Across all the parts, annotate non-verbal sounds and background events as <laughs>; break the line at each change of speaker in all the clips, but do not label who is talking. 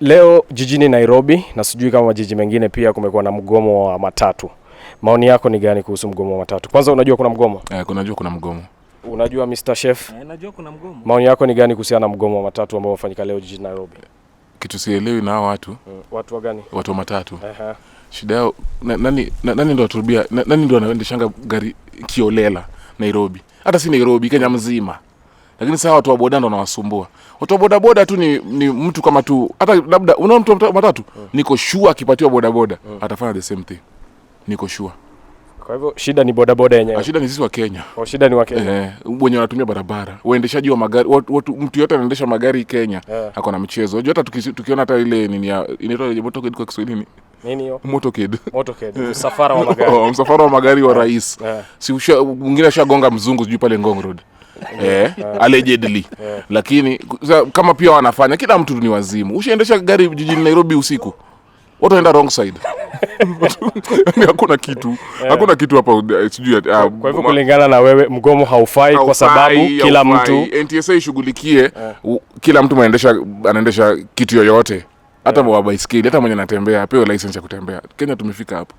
Leo jijini Nairobi na sijui kama majiji mengine pia kumekuwa na mgomo wa matatu. Maoni yako ni gani kuhusu mgomo wa matatu? Kwanza unajua kuna mgomo?
Eh, unajua kuna mgomo.
Unajua Mr. Chef?
Eh, najua kuna mgomo.
Maoni yako ni gani kuhusiana na mgomo wa matatu ambao wafanyika leo jijini Nairobi?
Kitu sielewi na hao watu. Hmm. Watu wa gani? Watu wa matatu. Aha. Shida yao nani na, nani ndo aturubia nani ndo anaendeshanga gari kiolela Nairobi? Hata si Nairobi, Kenya mzima lakini sasa watu wa boda ndo wanawasumbua. Watu wa boda boda tu ni, ni mtu kama tu hata labda unaona mtu matatu mm. niko sure akipatiwa boda boda mm. atafanya the same thing, niko sure.
Kwa hivyo shida ni boda boda yenyewe,
ah, shida ni sisi wa Kenya.
Kwa oh, shida ni wa Kenya
eh, wenye wanatumia barabara, waendeshaji wa magari, watu, mtu yote anaendesha magari Kenya yeah. ako na michezo. Unajua hata tukiona hata ile nini ya inaitwa motoked kwa Kiswahili nini hiyo Motoked.
Motoked. msafara wa <laughs> magari,
oh, msafara wa magari wa eh. rais yeah. si mwingine ashagonga mzungu sijui pale Ngong Road yeah. allegedly yeah. Lakini kama pia wanafanya, kila mtu ni wazimu. Ushaendesha gari jijini Nairobi usiku, watu wrong side <laughs> hakuna kitu yeah. kitu hapa uh, sijui.
Uh, kwa hivyo kulingana na wewe, mgomo haufai, haufai kwa sababu haufai, eh. kila mtu
NTSA ishughulikie yeah. Kila mtu anaendesha anaendesha kitu yoyote hata yeah. Wa baiskeli hata mwenye anatembea apewe license ya kutembea. Kenya tumefika hapo.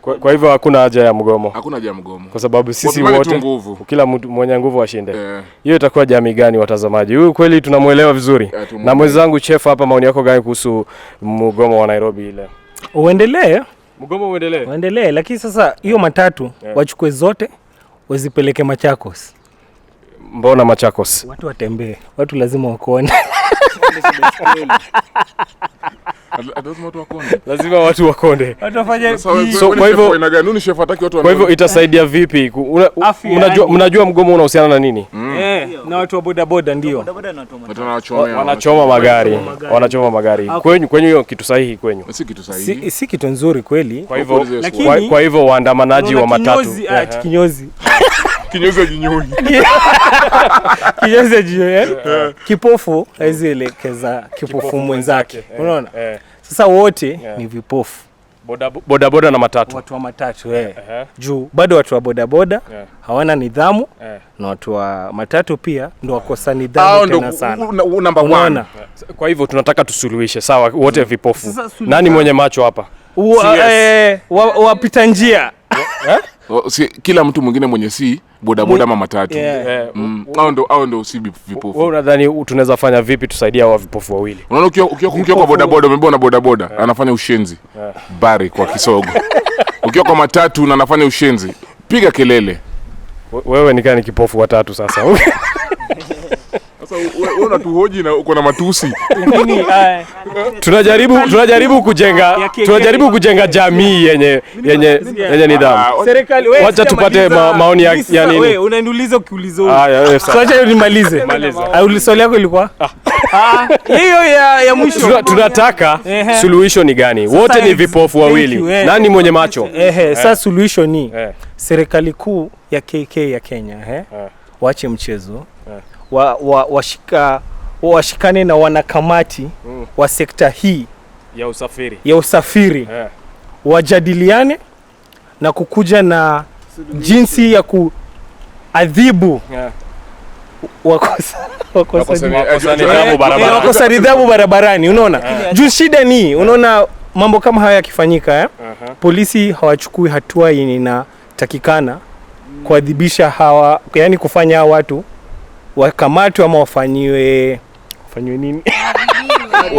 Kwa, kwa hivyo hakuna haja ya mgomo,
hakuna haja ya mgomo
kwa sababu sisi wote kila mtu mwenye nguvu ashinde. Eh. Hiyo yeah. Itakuwa jamii gani watazamaji? Huyu kweli tunamwelewa vizuri yeah, na mwenzangu chef hapa, maoni yako gani kuhusu mgomo wa Nairobi ile?
Uendelee
mgomo, uendelee,
uendelee, lakini sasa hiyo matatu yeah. Wachukue zote wazipeleke Machakos.
Mbona Machakos?
Watu watembee, watu lazima wakuone <laughs>
<laughs>
lazima watu wakonde.
kwa hivyo itasaidia vipi? Mnajua mnajua mgomo unahusiana na nini?
Mm. Eh, na watu wa bodaboda ndio
wanachoma magari, wanachoma magari. Kwenyu kwenyu hiyo kitu sahihi kwenyu?
Si kitu nzuri kweli.
Kwa hivyo waandamanaji wa matatu
ah, eh. kinyozi <laughs>
kinyozi jinyoni
<laughs> kinyozi jinyoni eh? Eh. kipofu hawezi elekeza kipofu mwenzake, eh. unaona. Sasa wote ni vipofu
bodaboda boda na matatu,
watu wa matatu eh, juu bado watu wa bodaboda yeah, hawana nidhamu yeah, na watu wa matatu pia ndo wakosa nidhamu tena sana,
namba 1.
Kwa hivyo tunataka tusuluhishe, sawa, wote vipofu. Nani mwenye macho hapa?
Wapita njia
Oh, si, kila mtu mwingine mwenye si bodaboda ama matatu au ndo si vipofu.
Wewe unadhani tunaweza fanya vipi tusaidia hawa vipofu wawili?
Unaona, ukiwa kwa bodaboda, umebona na bodaboda anafanya ushenzi bari kwa kisogo, ukiwa kwa matatu na anafanya ushenzi, piga kelele.
Wewe nikaa ni kipofu watatu sasa <laughs>
wewe na uko na matusi. <laughs> tunajaribu tunajaribu kujenga tunajaribu kujenga jamii yenye yenye yenye nidhamu. Ah, serikali wewe, wacha tupate maoni ya ya nini.
Wewe unaniuliza Haya, sasa acha nimalize. Maliza. Ah, swali ilikuwa? Ah. ah, hiyo ya ya mwisho.
Tunataka suluhisho ni gani? Wote ni vipofu wawili. Eh. Nani mwenye macho?
Ehe, eh. sasa suluhisho ni eh. serikali kuu ya KK ya Kenya, eh? Wache mchezo wa, wa, wa washikane na wanakamati mm. wa sekta hii
ya usafiri,
ya usafiri. Yeah. Wajadiliane na kukuja na jinsi ya kuadhibu yeah. Eh, wakosa
nidhamu barabarani,
unaona yeah. Juu shida ni unaona mambo kama haya yakifanyika eh? uh -huh. Polisi hawachukui hatua inatakikana kuadhibisha hawa, yani kufanya hawa watu wakamatwe ama wafanyiwe wafanyiwe nini? <laughs> Eh,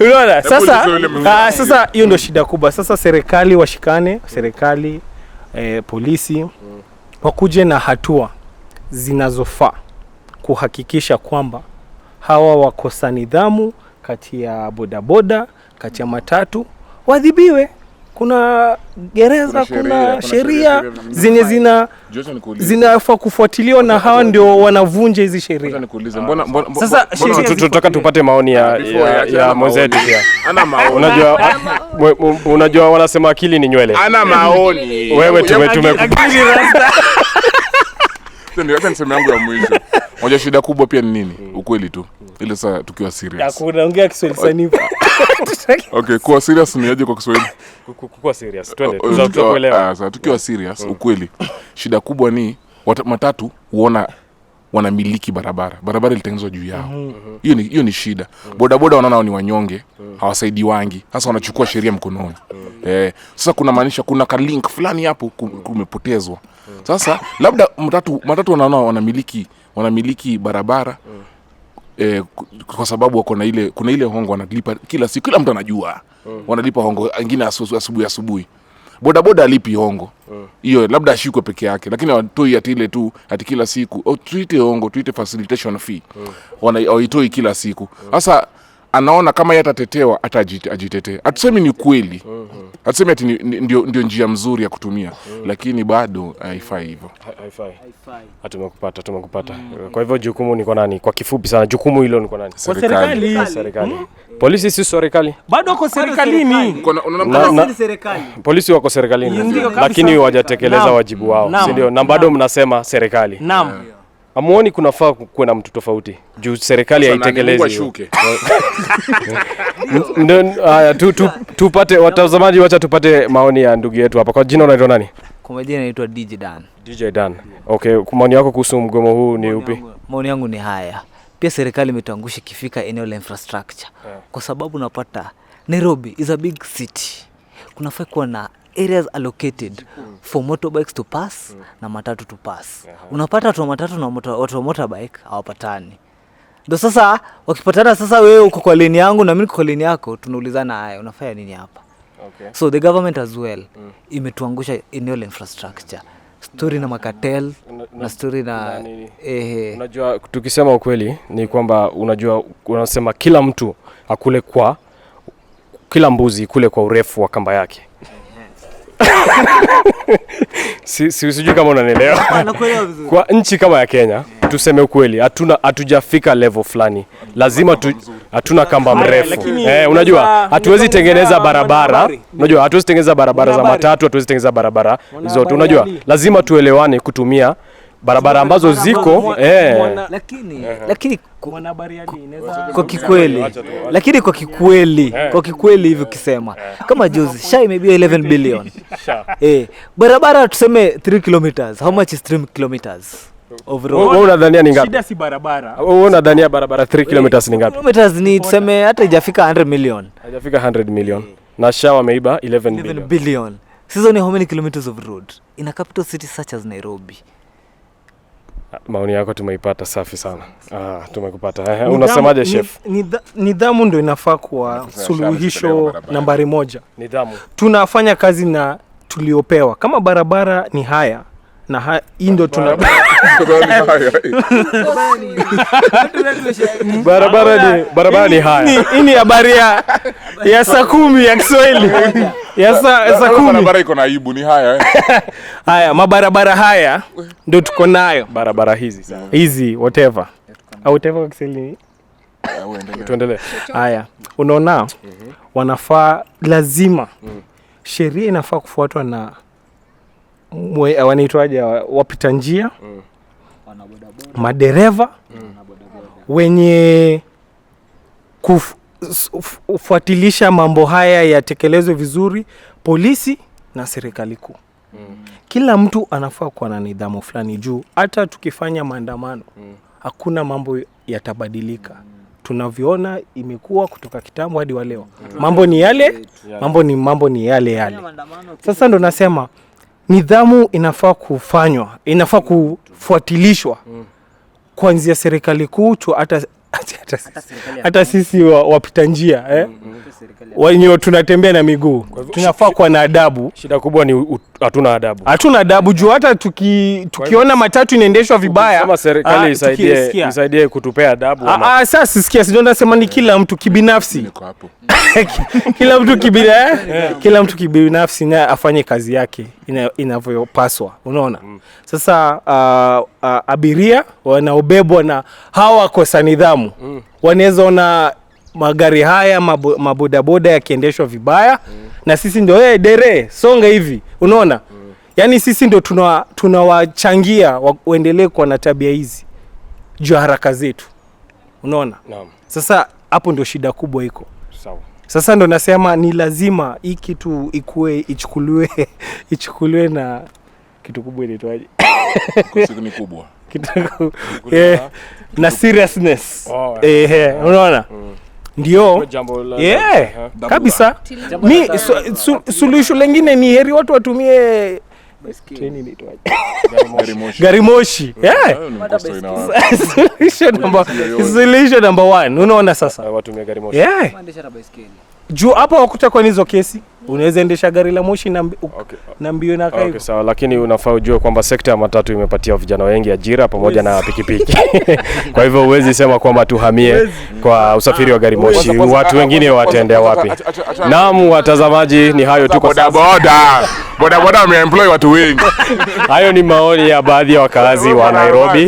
unaona, sasa ah, sasa hiyo ndio shida kubwa. Sasa serikali washikane, serikali eh, polisi wakuje na hatua zinazofaa kuhakikisha kwamba hawa wakosa nidhamu kati ya bodaboda, kati ya matatu wadhibiwe kuna gereza, kuna sheria zenye zina zinafaa kufuatiliwa na hawa ndio wanavunja hizi sheria.
Ah, sasa tunataka tupate maoni ya ah, ya mwenzetu pia. Ana maoni. Unajua, ah, unajua wanasema akili ni nywele.
Ana maoni.
Wewe Akili rasta. <laughs> Ndio niseme yangu ya mwisho. Moja shida kubwa pia ni nini? Hmm. Ukweli tu ile saa tukiwa serious.
Kiswahili sanifu. <laughs>
Okay, kuwa serious ni aje kwa Kiswahili? tukiwa mm. serious, mm. ukweli shida kubwa ni matatu huona wanamiliki barabara, barabara ilitengenezwa juu yao. Mm-hmm. Mm-hmm. Hiyo mm -hmm. ni, ni shida mm -hmm. bodaboda wanaona ni wanyonge mm -hmm. hawasaidi wangi sasa, wanachukua sheria mkononi mm -hmm. eh, sasa kunamaanisha kuna ka fulani hapo mm. kumepotezwa. Sasa labda matatu, matatu wanaona wanamiliki wanamiliki barabara mm -hmm eh, kwa sababu wako na ile, kuna ile hongo wanalipa kila siku, kila mtu anajua mm. wanalipa hongo, wengine asubuhi asubuhi bodaboda alipi hongo hiyo eh. mm. labda ashikwe peke yake, lakini awatoi ati ile tu ati kila siku. Oh, tuite hongo tuite facilitation fee mm. Eh. wanaitoi kila siku sasa mm anaona kama yeye atatetewa atajitetea. Hatusemi ni kweli, hatusemi ati ndio, ndio njia mzuri ya kutumia mm. lakini bado haifai hivyo,
haifai. Tumekupata, tumekupata. Kwa hivyo jukumu ni kwa nani? Kwa kifupi sana, jukumu hilo ni kwa nani? Kwa
serikali.
Serikali. Polisi si serikali,
bado wako serikalini.
Polisi wako serikalini, lakini wajatekeleza wajibu wao, si ndio? Na bado mnasema serikali, naam. Amuoni kunafaa kuwe na mtu tofauti juu serikali haitekelezi.
<laughs> Tupate watazamaji, wacha tupate maoni ya ndugu yetu hapa. Kwa jina unaitwa nani?
Kwa majina naitwa DJ Dan.
DJ Dan. Okay, maoni yako kuhusu mgomo huu ni upi?
Maoni yangu ni haya, pia serikali imetuangusha ikifika eneo la infrastructure, kwa sababu unapata Nairobi is a big city, kunafaa kuwa na areas allocated for motorbikes to pass mm. na matatu to pass. uh -huh. Unapata watu wa matatu na watu wa motorbike hawapatani. Ndio sasa wakipatana, sasa wewe uko kwa leni yangu na mimi kwa leni yako, tunaulizana haya, unafanya nini hapa? Okay. So the government as well mm. imetuangusha eneo la infrastructure stori na makatel na, na stori na, na eh,
unajua tukisema ukweli ni kwamba unajua unasema kila mtu akule kwa kila mbuzi kule kwa urefu wa kamba yake sijui kama unanielewa. Ah, Kwa nchi kama ya Kenya tuseme ukweli, hatuna hatujafika level fulani, lazima tu, hatuna kamba ah, mrefu eh, unajua hatuwezi tengeneza barabara, unajua hatuwezi tengeneza barabara za matatu, hatuwezi tengeneza barabara zote, unajua lazima tuelewane kutumia barabara ambazo ziko eh,
lakini lakini kwa kikweli, lakini kwa kikweli, eh. kwa kikweli hivyo ukisema eh. kama juzi sha imebia 11 billion eh, barabara tuseme 3 kilometers, how much is 3 kilometers?
Unadhania ni ngapi?
Shida si barabara.
Unadhania barabara 3 eh. kilometers ni ngapi?
Kilometers ni tuseme hata ijafika 100 million.
ijafika 100 million. Na sha wameiba 11
billion. sizo ni how many kilometers of road in a capital city such as Nairobi?
Maoni yako tumeipata, safi sana. Ah, tumekupata. Eh, unasemaje chef?
Nidhamu ndio inafaa kuwa suluhisho nambari moja. Nidhamu. Tunafanya kazi na tuliopewa. Kama barabara ni haya na hii ndio tuna barabara <laughs> ni haya. Hii ni habari ya saa kumi ya Kiswahili <laughs> Barabara
iko na aibu ni haya eh.
<laughs> Haya, mabarabara haya ndio tuko nayo.
Barabara hizi
Hizi whatever. Au whatever kwa Kiswahili. Tuendelee. Haya, unaona mhm. wanafaa lazima mm. sheria inafaa kufuatwa na wanaitwaje wapita njia mm. madereva mm. wenye kufu kufuatilisha mambo haya yatekelezwe vizuri, polisi na serikali kuu. Mm. Kila mtu anafaa kuwa na nidhamu fulani juu hata tukifanya maandamano mm. hakuna mambo yatabadilika mm. tunavyoona imekuwa kutoka kitambo hadi waleo mm. mambo ni yale mm. mambo ni mambo ni yale yale. Sasa ndo nasema nidhamu inafaa kufanywa, inafaa kufuatilishwa mm. kuanzia serikali kuu hata hata sisi wapita njia eh? mm -hmm wenye tunatembea na miguu, tunafaa kuwa na adabu.
Shida kubwa ni hatuna adabu,
hatuna adabu juu hata tuki, tukiona matatu inaendeshwa vibaya kama
serikali ah, isaidie, isaidie kutupea adabu.
Ah, ah sasa sisikia, sio nasema ni kila mtu kibinafsi, <laughs> kila mtu kibira, eh? yeah. kila mtu kibinafsi na afanye kazi yake inavyopaswa, unaona mm. sasa. Uh, uh, abiria wanaobebwa na hawa wakosa nidhamu mm. wanaweza ona magari haya mabodaboda yakiendeshwa vibaya mm. na sisi ndio hey, dere songa hivi, unaona mm. yaani sisi ndio tunawachangia tuna waendelee kuwa na tabia hizi juu ya haraka zetu, unaona Naam. Sasa hapo ndio shida kubwa iko Sasa ndo nasema ni lazima hii kitu ikue ichukuliwe <laughs> ichukuliwe na kitu kubwa inaitwaje? kubwa <laughs> kitu eh, na seriousness, oh, eh, eh, unaona mm. Ndio, yeah, kabisa. Mi suluhisho lengine ni heri watu watumie garimoshi. Suluhisho namba one, unaona sasa, watumie juu hapo wakuta kwa hizo kesi unaweza endesha gari la moshi na, okay. na mbio na okay,
sawa, lakini unafaa ujue kwamba sekta ya matatu imepatia vijana wengi ajira pamoja na pikipiki <laughs> kwa hivyo huwezi sema kwamba tuhamie kwa usafiri wa gari moshi. Watu wengine watendea wapi? Naam, watazamaji, ni hayo tu
kwa sasa. boda boda wameemploy watu wengi.
Hayo ni maoni ya baadhi ya wakazi wa Nairobi.